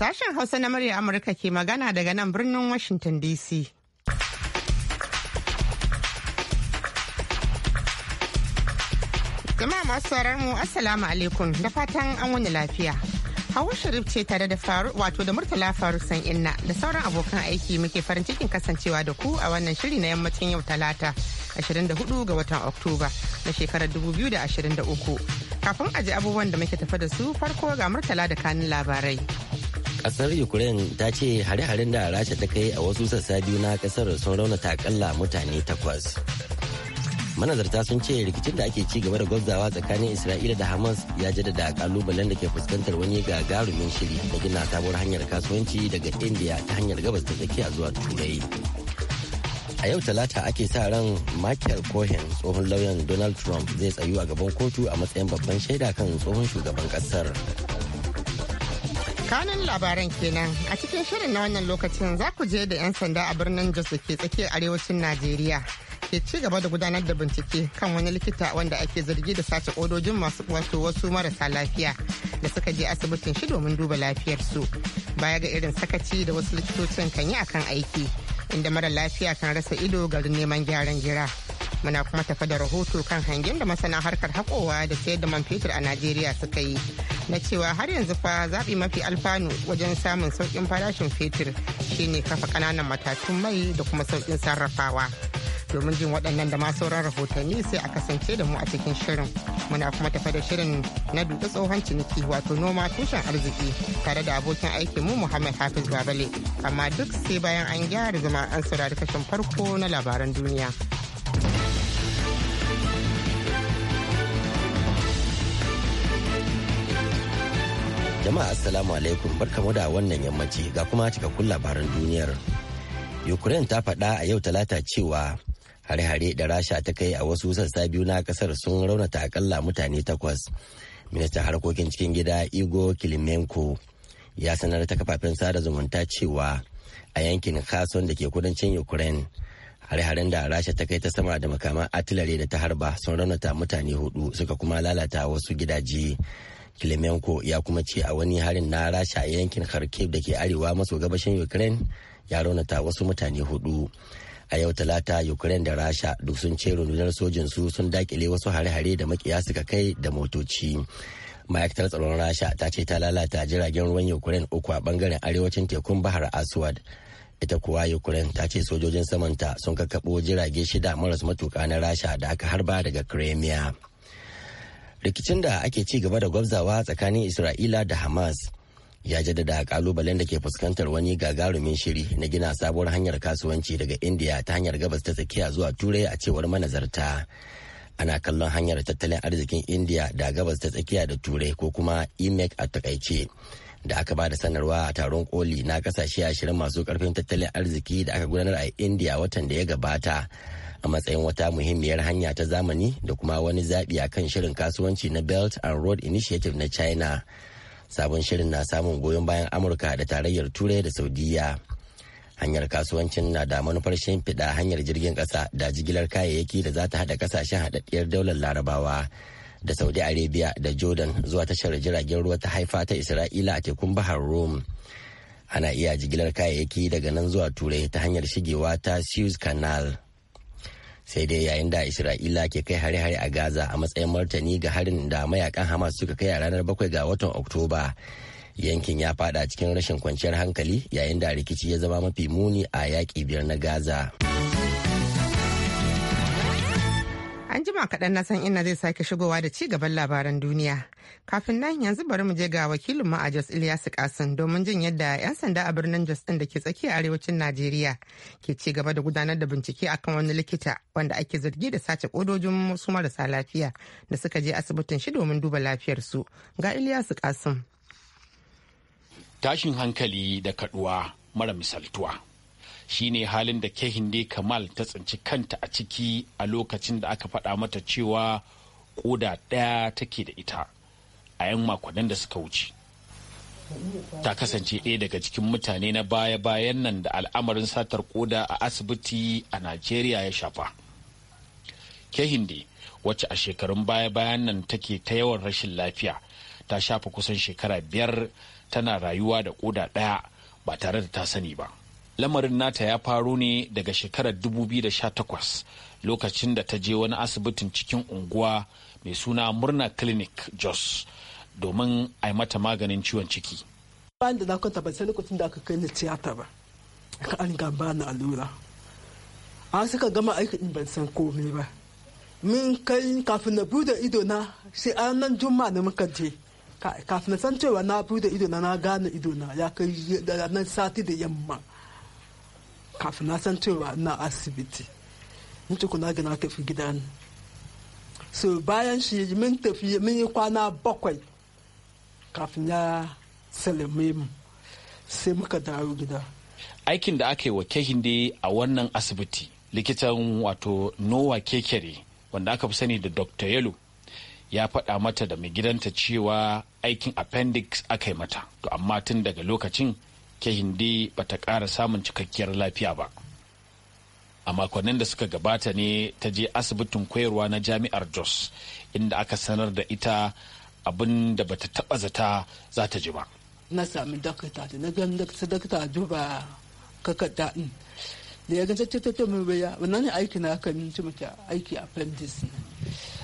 Sashen Hausa na murya Amurka ke magana daga nan birnin Washington DC. Jama'a masu sauraron mu Assalamu alaikum da fatan an wani lafiya. Hawa Sharif ce tare da faru wato da Murtala Faru san inna da sauran abokan aiki muke farin cikin kasancewa da ku a wannan shiri na yammacin yau Talata. 24 ga watan Oktoba na shekarar 2023. Kafin a ji abubuwan da muke tafa da su farko ga murtala da kanin labarai. Kasar Ukraine ta ce hare-haren da Rasha ta kai a wasu sassa biyu na kasar sun raunata akalla mutane takwas. manazarta sun ce rikicin da ake ci gaba da gwabzawa tsakanin isra'ila da hamas ya jaddada kalubalen da ke fuskantar wani gagarumin shiri da gina sabuwar hanyar kasuwanci daga india ta hanyar gabas ta tsakiya zuwa turai a yau talata ake sa ran michael cohen tsohon lauyan donald trump zai tsayu a gaban kotu a matsayin babban shaida kan tsohon shugaban kasar kanun labaran kenan a cikin shirin na wannan lokacin za ku je da 'yan sanda a birnin jos da ke tsakiyar arewacin najeriya ke ci gaba da gudanar da bincike kan wani likita wanda ake zargi da sace kodojin masu wato wasu marasa lafiya da suka je asibitin shi domin duba lafiyarsu baya ga irin sakaci da wasu likitocin kan yi akan aiki inda mara lafiya kan rasa ido garin neman gyaran gira muna kuma tafa da rahoto kan hangen da masana harkar haƙowa da sayar da man fetur a najeriya suka yi na cewa har yanzu fa zaɓi mafi alfanu wajen samun sauƙin farashin fetur shine kafa ƙananan matatun mai da kuma sauƙin sarrafawa domin jin waɗannan da ma sauran rahotanni sai a kasance da mu a cikin shirin muna kuma tafa da shirin na dutse tsohon ciniki wato noma tushen arziki tare da abokin aikin mu muhammad hafiz babale amma duk sai bayan an gyara zama an saurari kashin farko na labaran duniya jama'a assalamu alaikum barkamu da wannan yammaci ga kuma cikakkun labaran duniyar ukraine ta faɗa a yau talata cewa hare-hare da rasha ta kai a wasu sassa biyu na kasar sun raunata akalla mutane takwas ministan harkokin cikin gida igor kilimenko ya sanar ta kafafen sada zumunta cewa a yankin kason da ke kudancin ukraine hare-haren da rasha ta kai ta sama da makaman atilare da ta harba sun raunata mutane hudu suka kuma lalata wasu gidaje kilimenko ya kuma ce a wani harin na rasha a yankin kharkiv da ke arewa maso gabashin ukraine ya raunata wasu mutane hudu a yau talata ukraine da rasha duk sun ce rundunar sojin su sun dakile wasu hare-hare da makiya suka kai da motoci ma'aikatar tsaron rasha ta ce ta lalata jiragen ruwan ukraine uku a bangaren arewacin tekun bahar aswad ita kuwa ukraine ta ce sojojin samanta sun kakkaɓo jirage shida maras matuka na rasha da aka harba daga crimea rikicin da ake ci gaba da gwabzawa tsakanin isra'ila da hamas ya jaddada kalubalen da ke fuskantar wani gagarumin shiri na gina sabuwar hanyar kasuwanci daga indiya ta hanyar gabas ta tsakiya zuwa turai a cewar manazarta ana kallon hanyar tattalin arzikin indiya da gabas ta tsakiya da turai ko kuma imec a takaice da aka ba da sanarwa a taron koli na kasashe ashirin masu karfin tattalin arziki da aka gudanar a india watan da ya gabata a matsayin wata muhimmiyar hanya ta zamani da kuma wani zaɓi a kan shirin kasuwanci na belt and road initiative na china sabon shirin na samun goyon bayan amurka da tarayyar turai da saudiya hanyar kasuwancin na da manufar shimfiɗa hanyar jirgin ƙasa da jigilar kayayyaki da za ta haɗa ƙasashen haɗaɗɗiyar daular larabawa da saudi arabia da jordan zuwa tashar jiragen ruwa ta haifa ta isra'ila a tekun bahar rome ana iya jigilar kayayyaki daga nan zuwa turai ta hanyar shigewa ta suez canal sai dai yayin da isra'ila ke kai hare-hare a gaza a matsayin martani ga harin da mayakan hamas suka kai a ranar bakwai ga watan oktoba yankin ya fada cikin rashin kwanciyar hankali yayin da rikici ya zama mafi muni a yaƙi biyar na gaza. An jima kaɗan na san ina zai sake shigowa da ci gaban labaran duniya. Kafin nan yanzu bari mu je ga wakilin mu a Jos Ilyasu Kasim domin jin yadda 'yan sanda a birnin Jos ɗin da ke tsakiya arewacin Najeriya ke ci gaba da gudanar da bincike akan wani likita wanda ake zargi da sace kodojin su marasa lafiya da suka je asibitin shi domin duba lafiyar su Ga Ilyasu Kasim. Tashin hankali da kaduwa mara misaltuwa. shine halin da kehinde kamal ta tsinci kanta a ciki a lokacin da aka faɗa mata cewa koda ɗaya take da ita a 'yan makonnin da suka wuce ta kasance ɗaya daga cikin mutane na baya-bayan nan da al'amarin satar koda a asibiti a najeriya ya shafa kehinde wacce a shekarun baya-bayan nan take ta yawan rashin lafiya ta shafa kusan shekara biyar tana rayuwa da koda ɗaya ba tare da ta sani ba lamarin nata ya faru ne daga shekarar 2018 lokacin da ta je wani asibitin cikin unguwa mai suna murna clinic jos domin a yi mata maganin ciwon ciki bayan da na kwanta ban lokacin da aka kai ni tiyata ba ka an gaba na allura a suka gama aikin ban san komai ba min kai kafin na bude ido na sai an nan juma na muka je kafin na san cewa na bude ido na na gane ido na ya kai nan sati da yamma kafin na san cewa na asibiti in kuna gina tafi gida ne so bayan shi min tafi min yi kwana bakwai kafin ya salame mu sai muka dawo gida aikin da aka yi wa kehinde a wannan asibiti likitan wato nowa kekere wanda aka fi sani da dr yalo ya faɗa mata da mai gidanta cewa aikin appendix aka yi mata to amma tun daga lokacin ke hindi ta ƙara samun cikakkiyar lafiya ba a makonnin da suka gabata ne ta je asibitin koyarwa na jami'ar jos inda aka sanar da ita abin da bata taɓa zata za ta ji ba na sami dakta da na gan dakta duba kaka din da ya gaza ta ta mai baya wannan ne aiki na aka minci mace aiki appendix ne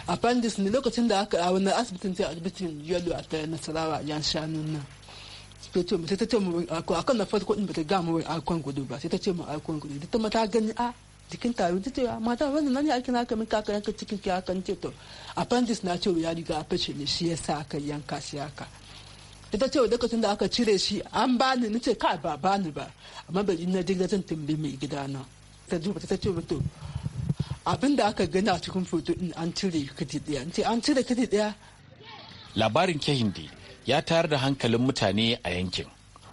appendix ne lokacin da aka a wannan asibitin ta asibitin yalo a ta nasarawa yan shanun nan ta sai ta ce mu na farko bata ga mu aikon gudu ba sai ta ce mu gudu ta gani a jikin ta ce mata wannan nan ne cikin ki ce to na ce ya riga a fice ne shi yasa aka yanka shi haka ita ce da aka cire shi an bani ni ce ka ba bani ba amma zan tambi mai gida na ta ta ce to abin da aka gani a cikin foto in an cire kiti daya an cire kiti daya labarin ya tayar da hankalin mutane a yankin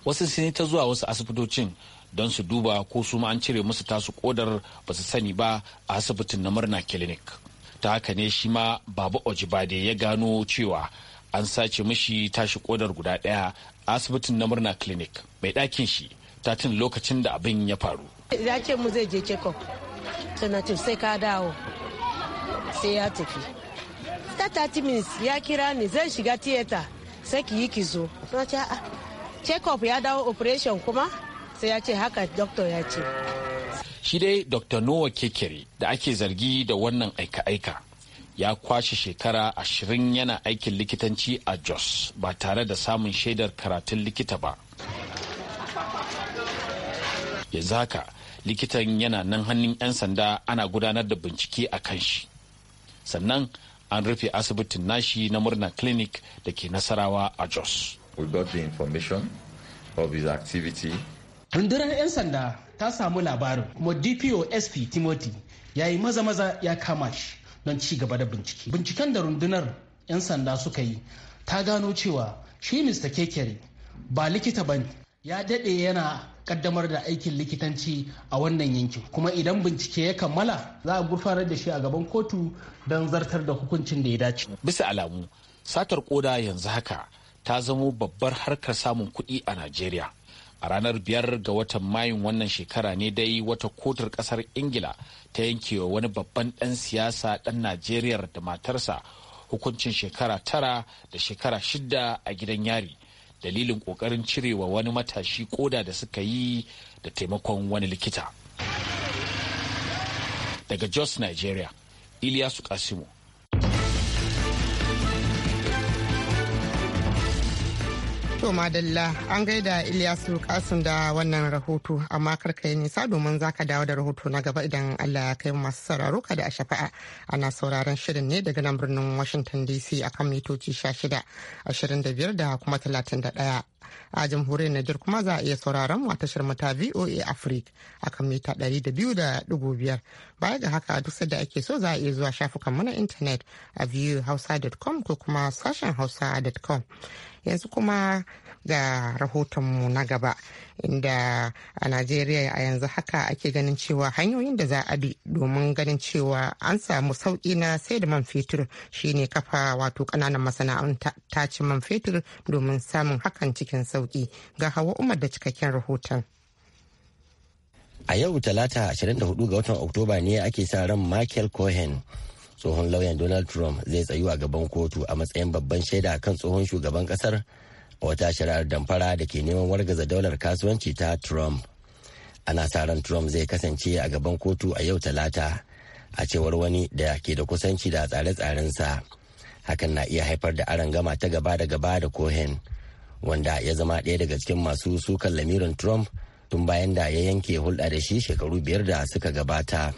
wasu sun ta zuwa wasu asibitocin don su duba ko su an cire musu tasu kodar ba su sani ba a asibitin na murna clinic ta haka ne shi ma baba ojibade ya gano cewa an sace mishi tashi kodar guda daya a asibitin na murna clinic mai ɗakin shi ta tun lokacin da abin ya faru ya ce mu zai je check-up sai ka dawo sai ya tafi ta 30 minutes ya kira ni zai shiga tiyata sai ki yi ki zo ce a check up ya dawo operation kuma sai ya ce haka doctor ya ce shi dai dr noah kekere da ake zargi da wannan aika-aika ya kwashe shekara ashirin yana aikin likitanci a jos ba tare da samun shaidar karatun likita ba yanzu haka likitan yana nan hannun 'yan sanda ana gudanar da bincike a kan shi sannan an rufe asibitin nashi na murna clinic da ke nasarawa a jos we got the information of his activity rundunar 'yan sanda ta samu labarin kuma dpo sp timothy ya yi maza-maza ya kama shi don ci gaba da bincike binciken da rundunar 'yan sanda suka yi ta gano cewa shi mr kekere ba likita bane ya dade yana kaddamar da aikin likitanci a wannan yankin kuma idan bincike ya kammala za a gurfanar da shi a gaban kotu don zartar da hukuncin da ya dace bisa alamu satar koda yanzu haka ta zamo babbar harkar samun kuɗi a najeriya a ranar biyar ga watan mayun wannan shekara ne dai wata kotar kasar ingila ta yankewa wani babban ɗan siyasa ɗan najeriya da matarsa hukuncin shekara tara da shekara shidda a gidan yari dalilin kokarin cirewa wani matashi koda da suka yi da taimakon wani likita daga jos nigeria iliyasu kasimu To madalla an gaida Ilyasu lukasun da wannan rahoto amma karka yi nisa domin zaka dawo da rahoto na gaba idan Allah ya kai masu sauraro ka da a shafa'a ana sauraron shirin ne daga nan birnin Washington DC akan mitoci 16 25 da kuma 31 a jamhuriyar Nijar kuma za a iya sauraron a tashar mata VOA Africa akan mita 200.5 baya ga haka duk sadda ake so za a iya zuwa shafukan na intanet a viewhausa.com ko kuma sashen hausa.com yanzu kuma ga rahotonmu na gaba inda a najeriya a yanzu haka ake ganin cewa hanyoyin da za a bi domin ganin cewa an samu sauki na sai da man fetur shine kafa wato ƙananan masana'anta man fetur domin samun hakan cikin cikin sauki ga hawa umar da cikakken rahoton. A yau talata 24 ga watan Oktoba ne ake sa ran Michael Cohen tsohon lauyan Donald Trump zai tsayu a gaban kotu a matsayin babban shaida kan tsohon shugaban kasar a wata shari'ar damfara da ke neman wargaza daular kasuwanci ta Trump. Ana sa ran Trump zai kasance a gaban kotu a yau talata a cewar wani da ke da kusanci da tsare-tsarensa. Hakan na iya haifar da gama ta gaba da gaba da Cohen wanda ya zama ɗaya daga cikin masu sukan lamirin trump tun bayan da ya yanke hulɗa da shi shekaru biyar da suka gabata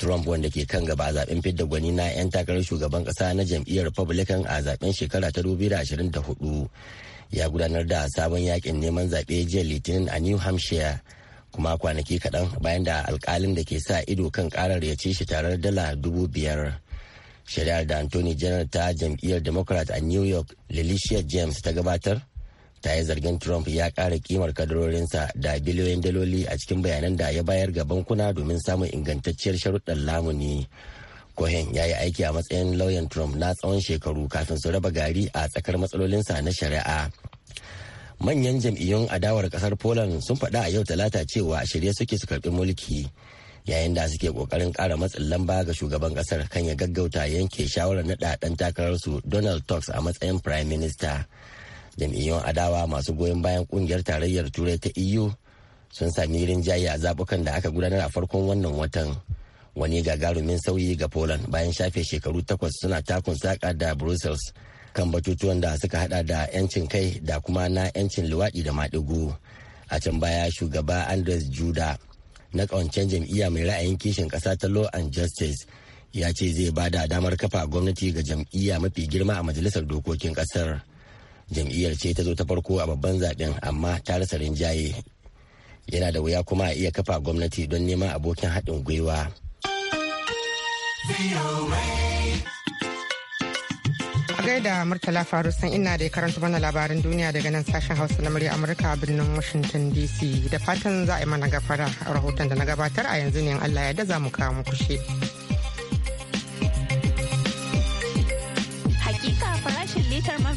trump wanda ke kan gaba a zaben fidda gwani na 'yan takarar shugaban ƙasa na jam'iyyar republican a zaben shekara ta 2024 ya gudanar da sabon yakin neman zaɓe jiya litinin a new hampshire kuma kwanaki kaɗan bayan da alkalin da ke sa ido kan karar ya ci shi tarar dala dubu biyar shari'ar da anthony general ta jam'iyyar democrat a new york lelicia james ta gabatar ta yi zargin trump ya ƙara kimar kadarorinsa da biliyoyin daloli a cikin bayanan da ya bayar ga bankuna domin samun ingantacciyar sharuɗan lamuni cohen ya yi aiki a matsayin lauyan trump na tsawon shekaru kafin su raba gari a tsakar matsalolinsa na shari'a manyan jam'iyyun adawar ƙasar poland sun faɗa a yau talata cewa shirye suke su karɓi mulki yayin da suke kokarin kara matsin lamba ga shugaban kasar kan ya gaggauta yanke shawarar naɗa ɗan takararsu donald tusk a matsayin prime minister jam'iyyun adawa masu goyon bayan kungiyar tarayyar turai ta eu sun sami rinjaye a zabukan da aka gudanar a farkon wannan watan wani gagarumin sauyi ga poland bayan shafe shekaru takwas suna takun saka da brussels kan batutuwan da suka hada da 'yancin kai da kuma na 'yancin luwaɗi da maɗigo a can baya shugaba andres juda na kawancen jam'iyya mai ra'ayin kishin ƙasa ta law and justice ya ce zai ba da damar kafa gwamnati ga jam'iyya mafi girma a majalisar dokokin ƙasar jam'iyyar ce ta zo ta farko a babban zaɓen, amma ta rasa rinjaye yana da wuya kuma a iya kafa gwamnati don neman abokin haɗin gwiwa. da Murtala faru Farusan ina da karanta mana labarin duniya daga nan sashen Hausa na murya Amurka a birnin Washington DC da fatan za a yi mana gafara a rahoton da na gabatar a yanzu ne Allah ya da za mu kawo mu kushe.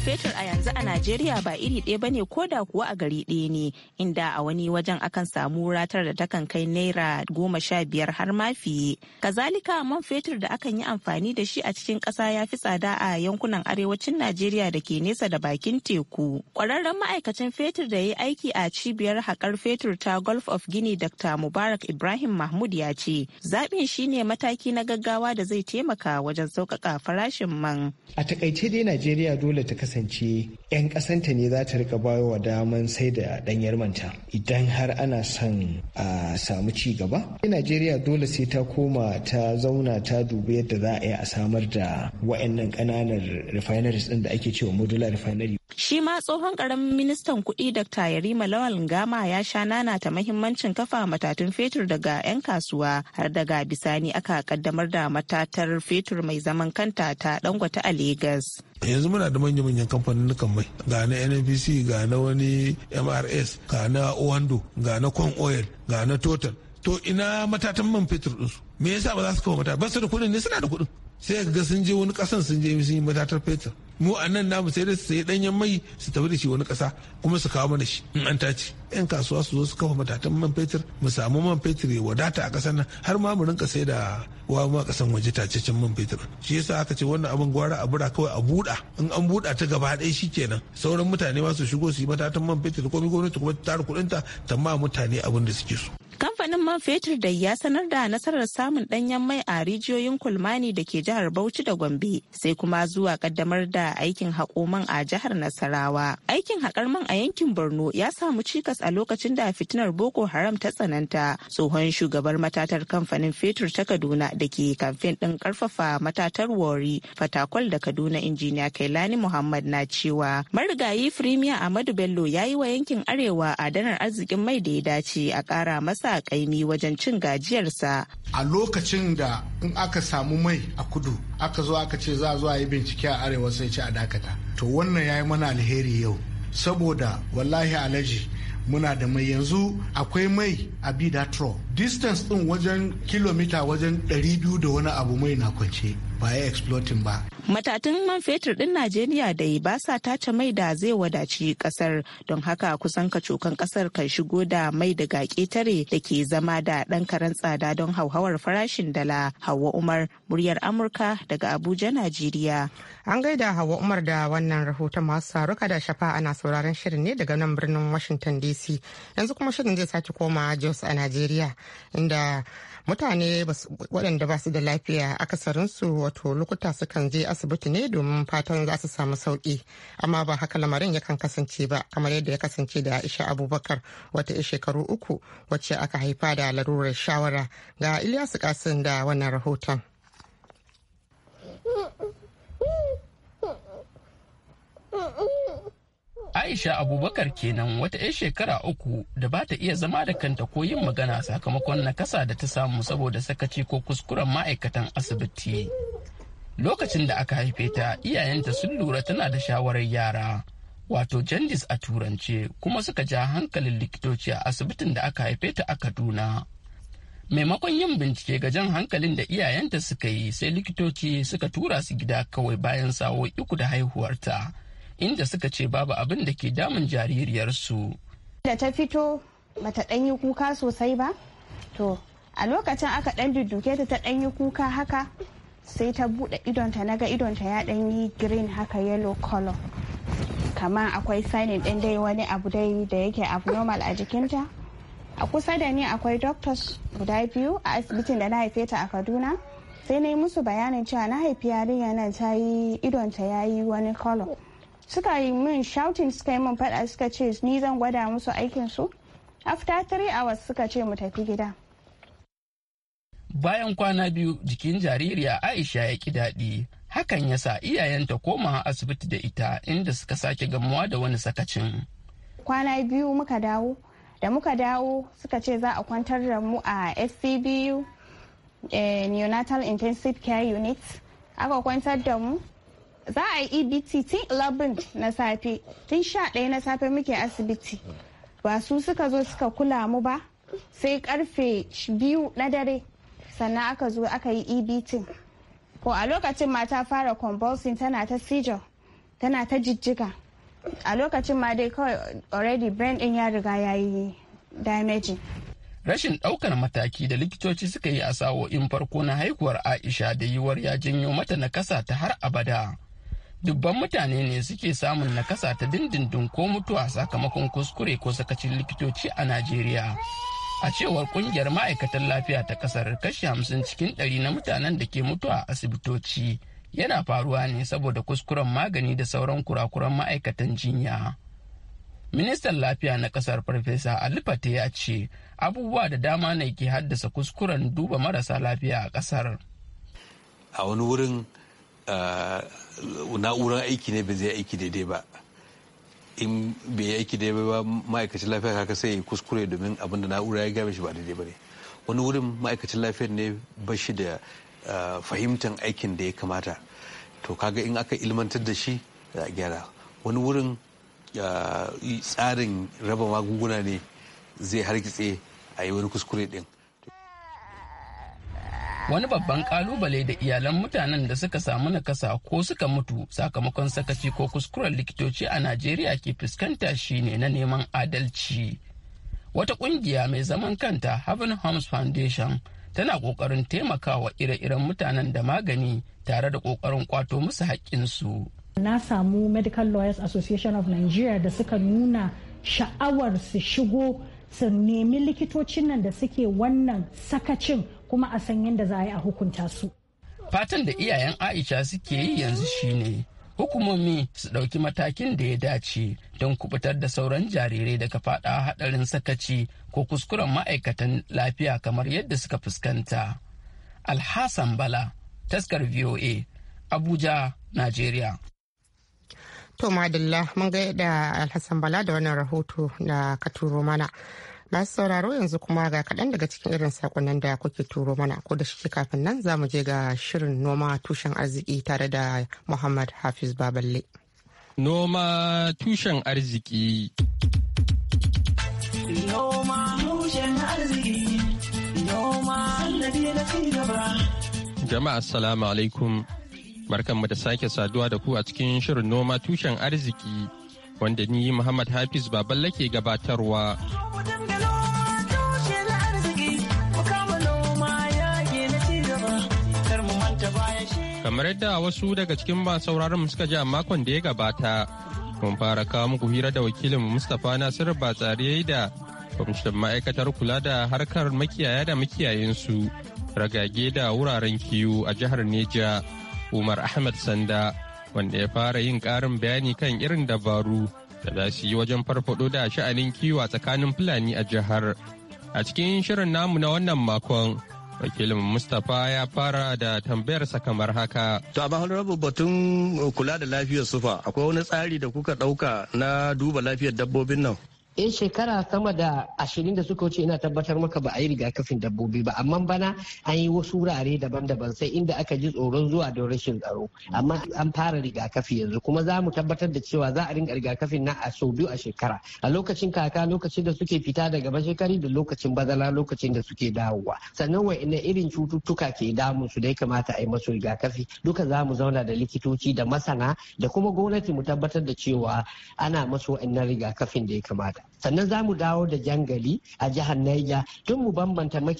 fetur a yanzu a Najeriya ba iri ɗaya bane ko da kuwa a gari ɗaya ne inda a wani wajen akan samu ratar da takan kai naira goma sha biyar har ma fiye. Kazalika man fetur da akan yi amfani da shi a cikin ƙasa ya fi tsada a yankunan arewacin Najeriya da ke nesa da bakin teku. Ƙwararren ma'aikacin fetur da ya yi aiki a cibiyar haƙar fetur ta golf of Guinea Dr. Mubarak Ibrahim Mahmud ya ce zaɓin shi ne mataki na gaggawa da zai taimaka wajen sauƙaƙa farashin man. A takaice dai Najeriya dole ta kasa. kasance 'yan kasanta ne za ta rika bayowa daman sai da ɗanyar manta idan har ana son a samu ci gaba najeriya dole sai ta koma ta zauna ta dubi yadda za a yi a samar da wa'annan ƙananan refineries ɗin da ake cewa modular refinery Shi ma tsohon karamin ministan kuɗi Dr. Yarima Lawal Ngama ya sha nana ta mahimmancin kafa matatun fetur daga 'yan kasuwa har daga bisani aka kaddamar da matatar fetur mai zaman kanta ta dangwata a Legas. yanzu muna da manya-manyan kamfanin mai ga na nnpc ga na wani mrs ga na owando ga na con oil ga na total to ina matatan man fetur ɗinsu me yasa ba za su kawo matatan ba su da kuɗin ne suna da kuɗin sai ga sun je wani kasan sun je sun yi matatar fetur mu a nan namu sai da su sayi danyen mai su tafi da shi wani kasa kuma su kawo mana shi in an tace 'yan kasuwa su zo su kafa matatan man fetur mu samu man fetur ya wadata a ƙasar nan har ma mu rinka sai da wa ma kasan waje cin man fetur shi yasa aka ce wannan abin gwara a bura kawai a buɗa in an buɗa ta gaba ɗaya shi kenan sauran mutane ma su shigo su yi matatan man fetur komai gwamnati kuma ta tara kuɗin ta ta ma mutane abin da suke so. kamfanin man fetur da ya sanar da nasarar samun ɗanyen mai a rijiyoyin kulmani da ke jihar bauchi da gombe sai kuma zuwa kaddamar da aikin haƙo man a jihar nasarawa aikin haƙar man a yankin borno ya samu cikas a lokacin da fitinar Boko Haram ta tsananta tsohon shugabar matatar kamfanin fetur ta Kaduna da ke kamfen ɗin karfafa matatar Wari Fatakwal da Kaduna injiniya Kailani Muhammad na cewa marigayi Firimiya Ahmadu Bello ya yi wa yankin Arewa adanar arzikin mai da ya dace a kara masa kaimi wajen cin gajiyarsa. A lokacin da in aka samu mai a kudu aka zo aka ce za a zo a yi bincike a arewa sai ce a dakata. To wannan ya yi mana alheri yau. Saboda wallahi alaji muna da mai yanzu akwai mai a bidatro distance din wajen kilomita wajen 200 da wani abu mai na kwance baya exploiting ba. Matatun man fetur ɗin Najeriya da ba sa tace mai da zai wadaci ƙasar don haka kusan kacokan ƙasar kan shigo da mai daga ƙetare da ke zama da ɗan karen tsada don hauhawar farashin dala Hauwa Umar muryar Amurka daga Abuja, Najeriya. An gaida Hauwa Umar da wannan rahoton masu saruka da shafa ana sauraron shirin ne daga nan birnin Washington DC. Yanzu kuma shirin zai sake koma Jos a Najeriya inda mutane waɗanda ba su da lafiya akasarinsu wato lokuta sukan je asibiti ne domin fatan za su samu sauki amma ba haka lamarin yakan kasance ba kamar yadda ya kasance da aisha abubakar wata shekaru uku wacce aka haifa da larurar shawara ga ilyasu kasin da wannan rahoton Aisha Abubakar kenan wata 'yar shekara uku da ba ta iya zama da kanta ko yin magana sakamakon nakasa da ta samu saboda sakaci ko kuskuren ma'aikatan asibiti. Lokacin da aka haife ta iyayenta sun lura tana da shawarar yara, wato jandis a turance kuma suka ja hankalin likitoci a asibitin da aka haife ta a Kaduna. Maimakon yin bincike ga jan hankalin da iyayenta suka yi sai likitoci suka tura su gida kawai bayan sawo uku da haihuwarta. inda suka ce babu abin da ke damun jaririyarsu. Da ta fito bata ɗan yi kuka sosai ba, to a lokacin aka ɗan dudduke ta ta ɗan yi kuka haka sai ta buɗe idonta na ga idonta ya ɗan yi green haka yellow color. Kamar akwai sinin ɗin dai wani abu dai da yake abnormal a jikinta. A kusa da ni akwai doctors guda biyu a asibitin da na haife ta a Kaduna. sai na yi musu bayanin cewa na haifi yarinya na ta yi idonta ya yi wani color suka yi min shouting suka yi min faɗa suka ce ni zan gwada musu aikin su after three hours suka ce mu tafi gida bayan kwana biyu jikin jaririya aisha ya ki daɗi hakan ya sa iyayenta koma asibiti da ita inda suka sake gamuwa da wani sakacin kwana biyu muka dawo da muka dawo suka ce za a kwantar da mu a scbu eh, neonatal intensive care unit aka kwantar da mu za a yi ebt tun 11 na safe tun sha 11 na safe muke asibiti ba su suka zo suka kula mu ba sai karfe biyu na dare sannan aka zo aka yi ebt ko a lokacin ma ta fara convulsing tana ta seizure tana ta jijjiga a lokacin ma dai kawai already brain din ya riga ya yi damaging rashin daukar mataki da likitoci suka yi a sa'o'in farko na haihuwar aisha da yiwuwar ya janyo mata nakasa ta har abada dubban mutane ne suke samun nakasa ta dindindin ko mutuwa sakamakon kuskure ko sakacin likitoci a najeriya a cewar kungiyar ma'aikatan lafiya ta kasar kashi hamsin cikin ɗari na mutanen da ke mutuwa a asibitoci yana faruwa ne saboda kuskuren magani da sauran kurakuran ma'aikatan jinya ministan lafiya na kasar farfesa alifate ya ce abubuwa da dama ne ke haddasa kuskuren duba marasa lafiya a kasar a wani wurin Eh, na'urar aiki ne ba zai aiki daidai ba in bai yi aiki daidai ba ma'aikacin lafiya kaka sai kuskure domin abin da na'ura ya gabe shi ba daidai ba ne wani wurin ma'aikacin lafiyar ne ba shi da eh, fahimtar aikin da ya kamata to kaga in aka ilmantar da shi za a gyara wani wurin eh, tsarin raba magunguna ne zai hargitse a yi wani kuskure din wani babban kalubale da iyalan mutanen da suka samu nakasa ko suka mutu sakamakon sakaci ko kuskuren likitoci a najeriya ke fuskanta shine na neman adalci wata kungiya mai zaman kanta haven homes foundation tana kokarin taimakawa ire-iren mutanen da magani tare da kokarin kwato musu haƙƙinsu. na samu medical lawyers association of nigeria da suka nuna sha'awar su shigo su nemi likitocin nan da suke wannan sakacin kuma a san yadda za a yi a hukunta su. Fatan da iyayen Aisha suke yi yanzu shine hukumomi su ɗauki matakin da ya dace don kubutar da sauran jarirai daga faɗa haɗarin sakaci ko kuskuren ma'aikatan lafiya kamar yadda suka fuskanta. Alhassan Bala, taskar VOA, Abuja, Najeriya. To madalla mun ga da Alhassan Bala da wannan rahoto na ka turo mana. Masu sauraro yanzu kuma ga kaɗan daga cikin irin sakonnin da kuke turo mana ko da shi kafin nan za mu je ga shirin noma tushen arziki tare da Muhammad Hafiz Baballe. Noma tushen arziki. Jama'a assalamu alaikum. Barkanmu da sake saduwa da ku a cikin shirin noma tushen arziki wanda ni Muhammad Hafiz Baballe ke gabatarwa. Kamar yadda wasu daga cikin ba sauraron suka ji a makon da ya gabata, mun fara kawo muku hira da wakilin Mustapha Nasiru Batsari da kwamishin ma'aikatar kula da harkar makiyaya da makiyayensu ragage da wuraren kiwo a jihar Neja. Umar Ahmad Sanda wanda ya fara yin ƙarin bayani kan irin dabaru da za su yi wajen farfado da sha'anin kiwo a tsakanin Fulani a jihar. A cikin shirin namu na wannan makon wakilin mustapha ya fara da tambayarsa kamar haka to amma rabu batun kula da lafiyar sufa akwai wani tsari da kuka ɗauka na duba lafiyar dabbobin nan in shekara sama da ashirin da suka wuce ina tabbatar maka ba a yi rigakafin dabbobi ba amma bana an yi wasu wurare daban-daban sai inda aka ji tsoron zuwa don rashin tsaro amma an fara rigakafi yanzu kuma za mu tabbatar da cewa za a rinka rigakafin na a sau biyu a shekara a lokacin kaka lokacin da suke fita daga bashekari da lokacin bazala lokacin da suke dawowa sannan wa'ina irin cututtuka ke damun su dai kamata a yi masu rigakafi duka za mu zauna da likitoci da masana da kuma gwamnati mu tabbatar da cewa ana masu wa'innan rigakafin da ya kamata sannan za mu dawo da jangali a jihar Niger don mu bambanta mu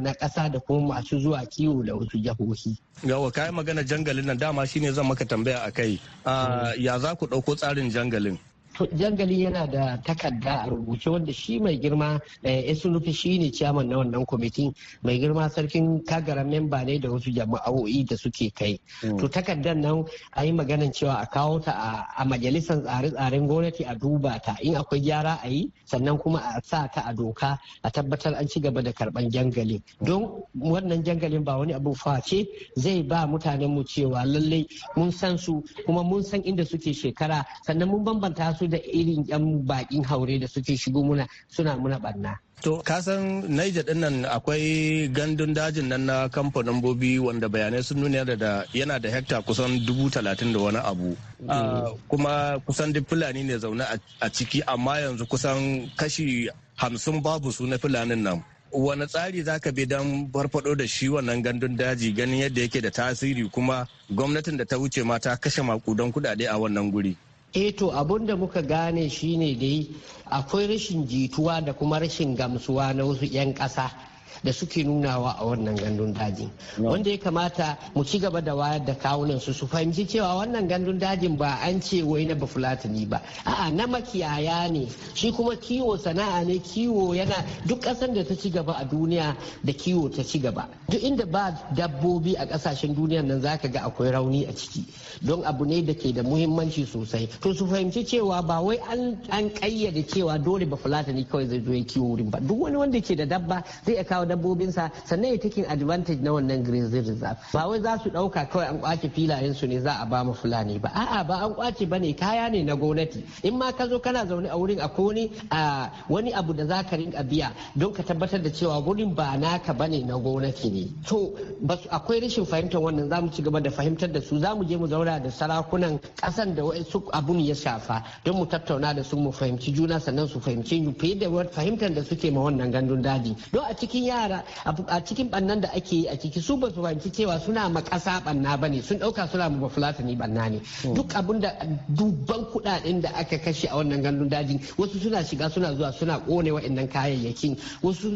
na ƙasa da kuma masu zuwa kiwo da wasu jihohi. Yawa kayan magana jangalin nan dama shine zan maka tambaya a kai. Ah, ya za ku ɗauko tsarin jangalin? jangali yana da takarda a rubuce wanda shi mai girma eh, esunufi shi ne ciyaman na wannan kwamitin mai girma sarkin kagaran memba ne da wasu jama'o'i da suke kai hmm. to takardar nan a yi maganan cewa a kawo ta a majalisar tsare-tsaren gwamnati a duba ta in akwai gyara a yi sannan kuma a sa ta a doka a tabbatar an ci gaba da karban jangalin don wannan jangalin ba wani abu face zai ba mutanen mu cewa lallai mun san su kuma mun san inda suke shekara sannan mun bambanta su su da irin yan bakin haure da suke shigo muna suna muna barna To, kasan Niger din nan akwai gandun dajin nan na kamfanin bobi wanda bayanai sun nuna da yana da hekta kusan dubu talatin da wani abu. Ah, mm. Kuma kusan duk Fulani ne zaune a ciki amma yanzu kusan kashi hamsin babu su na Fulanin nan. Wani tsari za ka bi don farfado da shi wannan gandun daji ganin yadda yake da tasiri kuma gwamnatin da ta wuce ma ta kashe makudan kudade a wannan guri. eh to abun da muka gane shine dai akwai rashin jituwa da kuma rashin gamsuwa na wasu 'yan ƙasa da suke nunawa a wannan gandun dajin. wanda ya kamata mu ci gaba da wayar da kawunan su su fahimci cewa wannan gandun dajin ba an ce wai na bafulatani ba a'a na makiyaya ne shi kuma kiwo sana'a ne kiwo yana duk kasar da ta ci gaba a duniya da kiwo ta ci gaba duk inda ba dabbobi a ƙasashen duniya nan zaka ga akwai rauni a ciki don abu ne da ke da muhimmanci sosai to su fahimci cewa ba wai an ƙayyade cewa dole bafulatani kawai zai zo ya kiwo wurin ba duk wani wanda ke da dabba zai iya kawo kawo dabbobinsa sannan ya taking advantage na wannan grazing reserve ba wai za su ɗauka kawai an kwace filayen su ne za a ba mu fulani ba a'a ba an kwace bane kaya ne na gwamnati in ma ka zo kana zaune a wurin akwai a wani abu da za ka rinka biya don ka tabbatar da cewa wurin ba naka bane na gwamnati ne to akwai rashin fahimtar wannan za mu ci gaba da fahimtar da su za mu je mu zauna da sarakunan kasan da su abun ya shafa don mu tattauna da su mu fahimci juna sannan su fahimci fiye da fahimtar da suke ma wannan gandun daji don a cikin yara a cikin bannan da ake yi a ciki su ba su fahimci cewa suna ma ƙasa banna ba ne sun ɗauka suna ma fulatani banna ne hmm. duk abin da dubban kuɗaɗen da aka kashe a wannan gandun dajin wasu suna shiga suna zuwa suna ƙone wa'annan kayayyakin wasu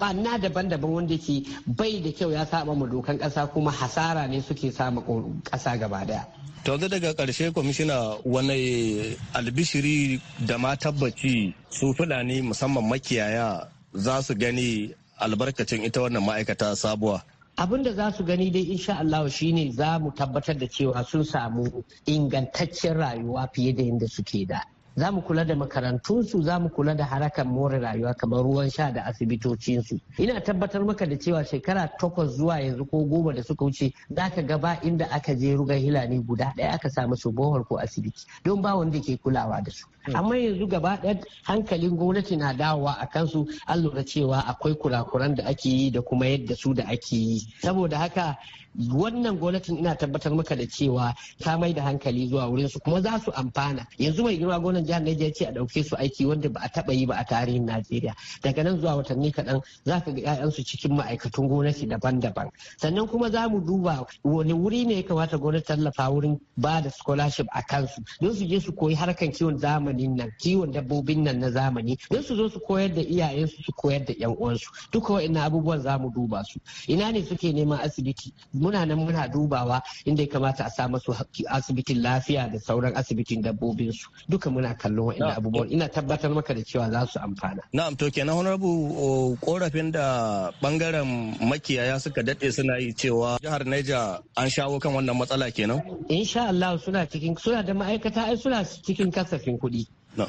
banna daban-daban wanda ke bai da kyau ya saba ma dokan ƙasa kuma hasara ne suke sama ƙasa gaba daya. yanzu daga karshe kwamishina wani albishiri da ma tabbaci su fulani musamman makiyaya za su gani albarkacin ita wannan ma'aikata sabuwa abin da za su gani dai insha Allah ne za mu tabbatar da cewa sun samu ingantaccen rayuwa fiye da yadda suke da za mu kula da makarantunsu za mu kula da harakan more rayuwa kamar ruwan sha da asibitocinsu ina tabbatar maka da cewa shekara takwas zuwa yanzu ko goma da suka wuce za ka gaba inda aka je rugar hilani guda ɗaya aka samu su bohol ko asibiti don ba wanda ke kulawa da su hmm. amma yanzu gaba ɗaya hankalin gwamnati na dawowa a kansu an lura cewa akwai kurakuran da ake yi da kuma yadda su da ake yi saboda haka wannan gwamnatin ina tabbatar maka da cewa ta mai da hankali zuwa wurin su kuma za su amfana yanzu mai girma gwamnan jihar Najeriya ce a dauke su aiki wanda ba a taba yi ba a tarihin Najeriya daga nan zuwa watanni kaɗan za ka ga 'ya'yansu cikin ma'aikatun gwamnati daban-daban sannan kuma za mu duba wani wuri ne ya kamata gwamnati tallafa wurin ba da scholarship a kansu don su je su koyi harkan kiwon zamanin nan kiwon dabbobin nan na zamani don su zo su koyar da iyayensu su koyar da 'yan uwansu duka wa'annan abubuwan za mu duba su ina ne suke neman asibiti muna nan muna dubawa inda ya kamata a sa masu asibitin lafiya da sauran asibitin dabbobinsu su duka muna kallon abubuwan ina tabbatar maka da cewa za su amfana na'am to kenan honorable korafin da bangaren makiyaya suka dade suna yi cewa jihar Neja an shawo kan wannan matsala kenan insha Allah suna cikin suna da ma'aikata ai suna cikin kasafin kuɗi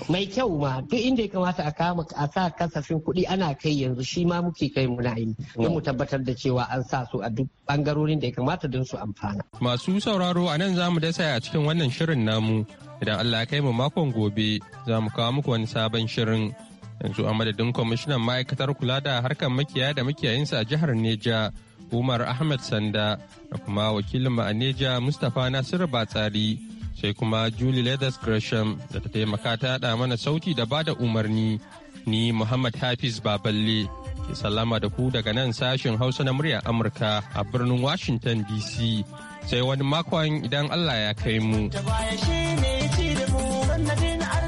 mai kyau ma duk inda ya kamata a kama a sa kasafin kuɗi ana kai yanzu shi ma muke kai muna yi don mu tabbatar da cewa an sa su a duk bangarorin da ya kamata don su amfana. Masu sauraro a nan za mu dasa a cikin wannan shirin namu idan Allah ya kai mu makon gobe za mu kawo muku wani sabon shirin. Yanzu a madadin kwamishinan ma'aikatar kula da harkar makiyaya da makiyayinsa a jihar Neja Umar Ahmed Sanda da kuma wakilin a Neja Mustapha Nasiru Batsari. sai kuma Julie Leathers Gresham da ta taimaka ta haɗa mana sauti da bada umarni. Ni Muhammad Hafiz Baballe ke sallama da ku daga nan sashen Hausa na muryar Amurka a birnin Washington DC. Sai wani makon idan Allah ya kai mu.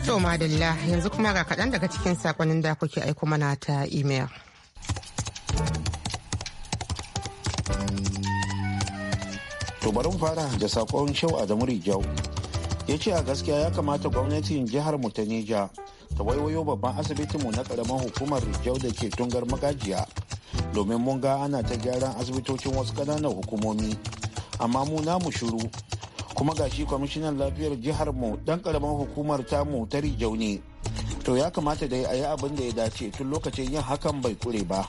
To madalla yanzu kuma ga kaɗan daga cikin sakonin da kuke aiko mana ta imel. to bari mu fara da sakon shau adamu rijau ya ce a gaskiya ya kamata gwamnatin jihar mu ta neja ta waiwayo babban asibitin mu na karamar hukumar rijau da ke tungar magajiya domin mun ga ana ta gyaran asibitocin wasu ƙananan hukumomi amma mu na mu shuru kuma gashi kwamishinan lafiyar jihar mu dan karamar hukumar ta mu ta rijau ne to ya kamata dai a yi abin da ya dace tun lokacin yin hakan bai kure ba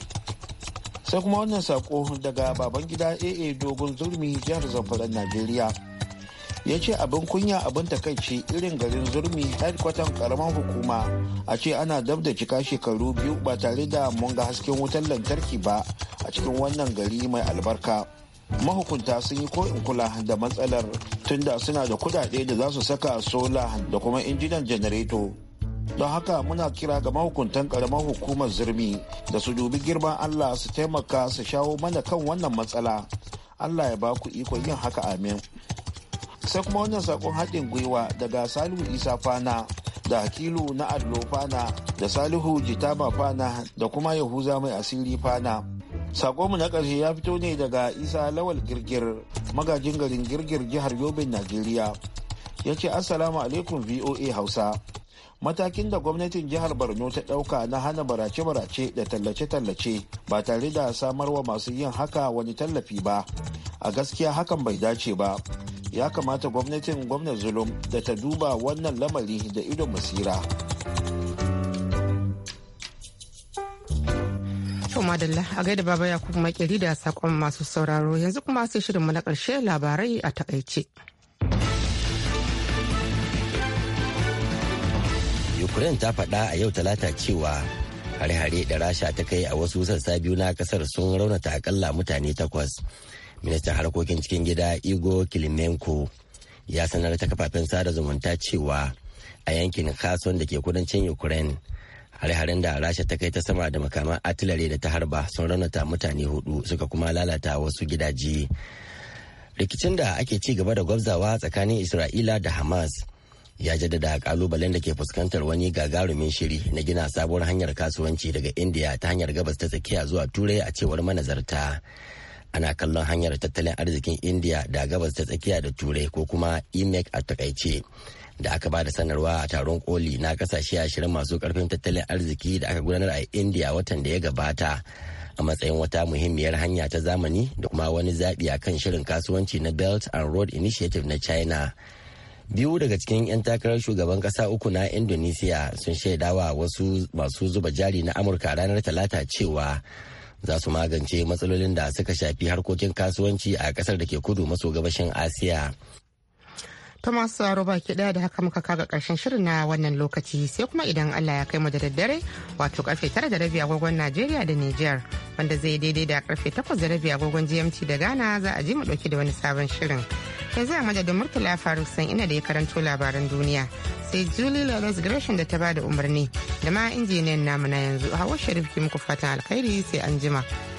sai kuma wannan sako daga baban gida aa dogon zurmi jihar zamfara najeriya ya ce abin kunya abin takaici irin garin zurmi headquarter karamar hukuma a ce ana dab da cika shekaru biyu ba tare da mun ga hasken wutar lantarki ba a cikin wannan gari mai albarka mahukunta sun yi ko'in kula da matsalar tunda suna da kudade da za su saka sola da kuma injinan janareto don haka muna kira ga mahukuntan karamar hukumar zirmi da su dubi girman allah su taimaka su shawo mana kan wannan matsala allah ya ba ku ikon yin haka amin sai kuma wannan sakon haɗin gwiwa daga salihu isa fana da hakilu na allo fana da salihu jitaba fana da kuma yahuza mai asiri fana sakonmu na ƙarshe ya fito ne daga isa lawal girgir magajin garin girgir jihar yobin najeriya ya ce assalamu alaikum voa hausa matakin da gwamnatin jihar borno ta ɗauka na hana barace-barace da tallace-tallace ba tare da samar wa masu yin haka wani tallafi ba a gaskiya hakan bai dace ba ya kamata gwamnatin gwamnan zulum da ta duba wannan lamari da idon masira madalla a gaida baba ya kuma da sakon masu sauraro yanzu kuma sai shirinmu na ƙarshe labarai a takaice. ukraine ta faɗa a yau talata cewa hare-hare da rasha ta kai a wasu sassa biyu na kasar sun raunata akalla mutane takwas ministan harkokin cikin gida igor kilimenko ya sanar ta kafafen sada zumunta cewa a yankin khason da ke kudancin ukraine hare-haren da rasha ta kai ta sama da makaman atilare da ta harba sun raunata mutane hudu suka kuma lalata wasu gidaje rikicin da ake ci gaba da gwabzawa tsakanin isra'ila da hamas ya jaddada kalubalen da ke fuskantar wani gagarumin shiri na gina sabuwar hanyar kasuwanci daga india ta hanyar gabas ta tsakiya zuwa turai a cewar manazarta ana kallon hanyar tattalin arzikin india da gabas ta tsakiya da turai ko kuma imec a takaice da aka ba da sanarwa a taron koli na kasashe ashirin masu karfin tattalin arziki da aka gudanar a indiya watan da ya gabata a matsayin wata muhimmiyar hanya ta zamani da kuma wani zaɓi a kan shirin kasuwanci na belt and road initiative na china biyu daga cikin 'yan takarar shugaban kasa uku na indonesia sun shaidawa wasu masu zuba jari na amurka ranar talata cewa za su magance matsalolin da suka shafi harkokin kasuwanci a kasar da ke kudu maso gabashin asiya Thomas Saro baki daya da haka muka kaga karshen shirin na wannan lokaci sai kuma idan Allah ya kai mu da daddare wato karfe tara da rabi agogon Najeriya da Niger wanda zai daidai da karfe takwas da rabi agogon GMT da Ghana za a ji mu dauki da wani sabon shirin. yanzu a madadin murtala faruk san ina da ya karanto labaran duniya sai julie lawrence gresham da ta ba da umarni da ma injiniyan namu na yanzu hawa sharif ki muku fatan alkhairi sai an jima.